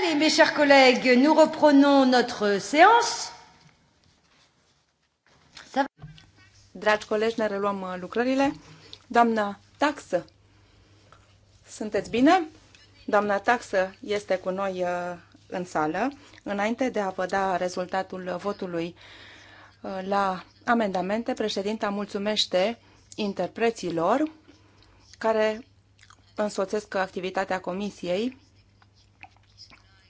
Allez, mes chers collègues, nous reprenons notre séance. Dragi colegi, ne reluăm uh, lucrările. Doamna Taxă, sunteți bine? Doamna Taxă este cu noi uh, în sală. Înainte de a vă da rezultatul votului uh, la amendamente, președinta mulțumește interpreților care însoțesc activitatea comisiei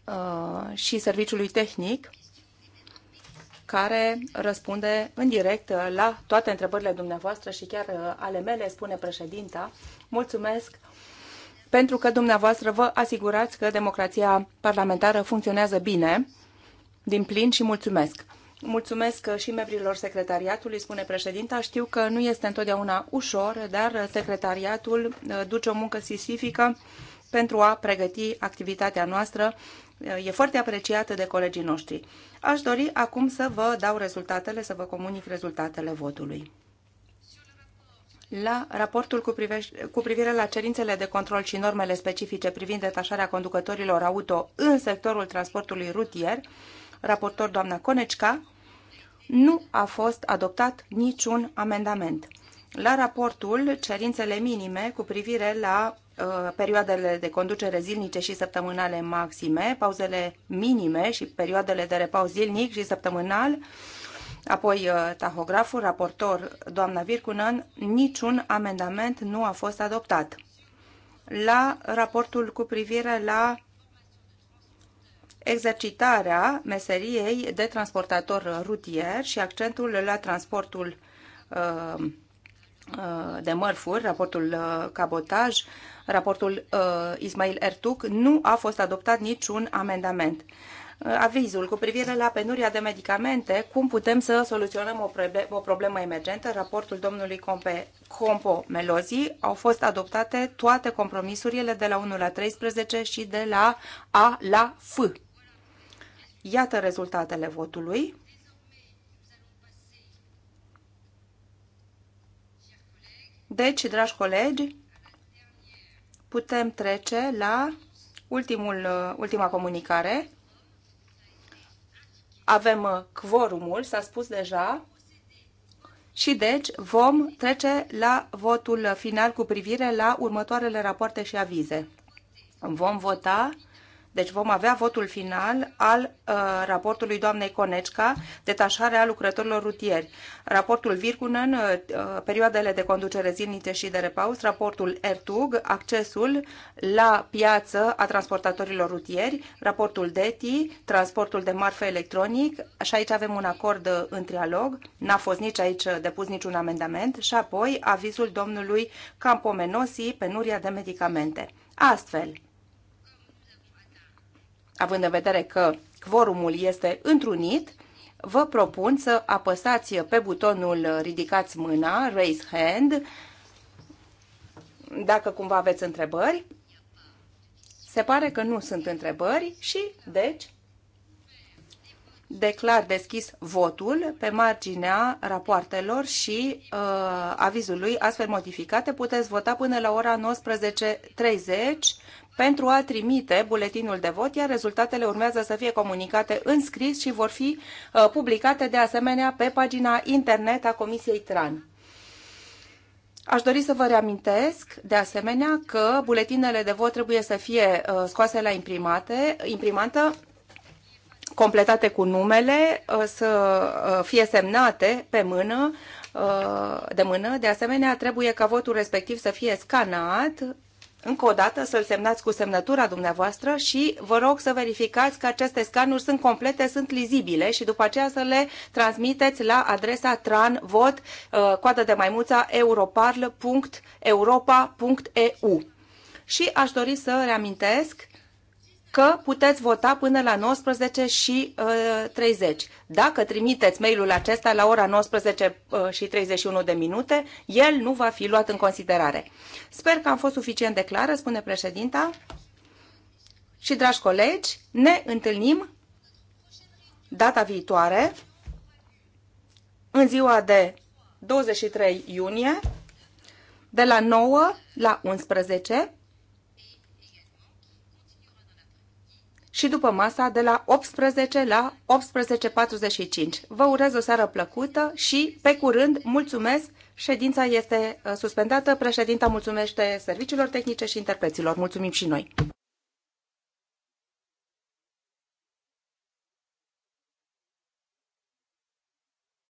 Uh, și serviciului tehnic care răspunde în direct uh, la toate întrebările dumneavoastră și chiar uh, ale mele, spune președinta. Mulțumesc pentru că dumneavoastră vă asigurați că democrația parlamentară funcționează bine, din plin și mulțumesc. Mulțumesc și membrilor secretariatului, spune președinta. Știu că nu este întotdeauna ușor, dar secretariatul duce o muncă sisifică pentru a pregăti activitatea noastră. E foarte apreciată de colegii noștri. Aș dori acum să vă dau rezultatele, să vă comunic rezultatele votului. La raportul cu, privești, cu privire la cerințele de control și normele specifice privind detașarea conducătorilor auto în sectorul transportului rutier, raportor doamna Conecica, nu a fost adoptat niciun amendament. La raportul cerințele minime cu privire la Uh, perioadele de conducere zilnice și săptămânale maxime, pauzele minime și perioadele de repaus zilnic și săptămânal, apoi uh, tahograful, raportor, doamna Vircunan, niciun amendament nu a fost adoptat. La raportul cu privire la exercitarea meseriei de transportator rutier și accentul la transportul uh, Uh, de mărfuri, raportul uh, cabotaj, raportul uh, Ismail Ertuc, nu a fost adoptat niciun amendament avizul cu privire la penuria de medicamente, cum putem să soluționăm o, problemă emergentă, raportul domnului Compe, Compo Melozi, au fost adoptate toate compromisurile de la 1 la 13 și de la A la F. Iată rezultatele votului. Deci, dragi colegi, putem trece la ultimul, ultima comunicare. Avem uh, quorumul, s-a spus deja, și deci vom trece la votul final cu privire la următoarele rapoarte și avize. Vom vota deci vom avea votul final al uh, raportului doamnei Conecca, detașarea lucrătorilor rutieri, raportul Virgunen, uh, uh, perioadele de conducere zilnice și de repaus, raportul Ertug, accesul la piață a transportatorilor rutieri, raportul DETI, transportul de marfă electronic și aici avem un acord uh, în trialog, n-a fost nici aici uh, depus niciun amendament și apoi avizul domnului Campomenosi, penuria de medicamente. Astfel, având în vedere că quorumul este întrunit, vă propun să apăsați pe butonul Ridicați mâna, Raise Hand, dacă cumva aveți întrebări. Se pare că nu sunt întrebări și, deci, declar deschis votul pe marginea rapoartelor și uh, avizului astfel modificate. Puteți vota până la ora 19.30 pentru a trimite buletinul de vot, iar rezultatele urmează să fie comunicate în scris și vor fi uh, publicate de asemenea pe pagina internet a Comisiei TRAN. Aș dori să vă reamintesc, de asemenea, că buletinele de vot trebuie să fie uh, scoase la imprimate, imprimantă completate cu numele, uh, să uh, fie semnate pe mână, uh, de mână. De asemenea, trebuie ca votul respectiv să fie scanat, încă o dată să-l semnați cu semnătura dumneavoastră și vă rog să verificați că aceste scanuri sunt complete, sunt lizibile și după aceea să le transmiteți la adresa tranvot coadă de maimuța europarl.europa.eu. Și aș dori să reamintesc că puteți vota până la 19 și uh, 30. Dacă trimiteți mailul acesta la ora 19 uh, și 31 de minute, el nu va fi luat în considerare. Sper că am fost suficient de clară, spune președinta. Și, dragi colegi, ne întâlnim data viitoare, în ziua de 23 iunie, de la 9 la 11 și după masa de la 18 la 18.45. Vă urez o seară plăcută și, pe curând, mulțumesc! Ședința este uh, suspendată. Președinta mulțumește serviciilor tehnice și interpreților. Mulțumim și noi!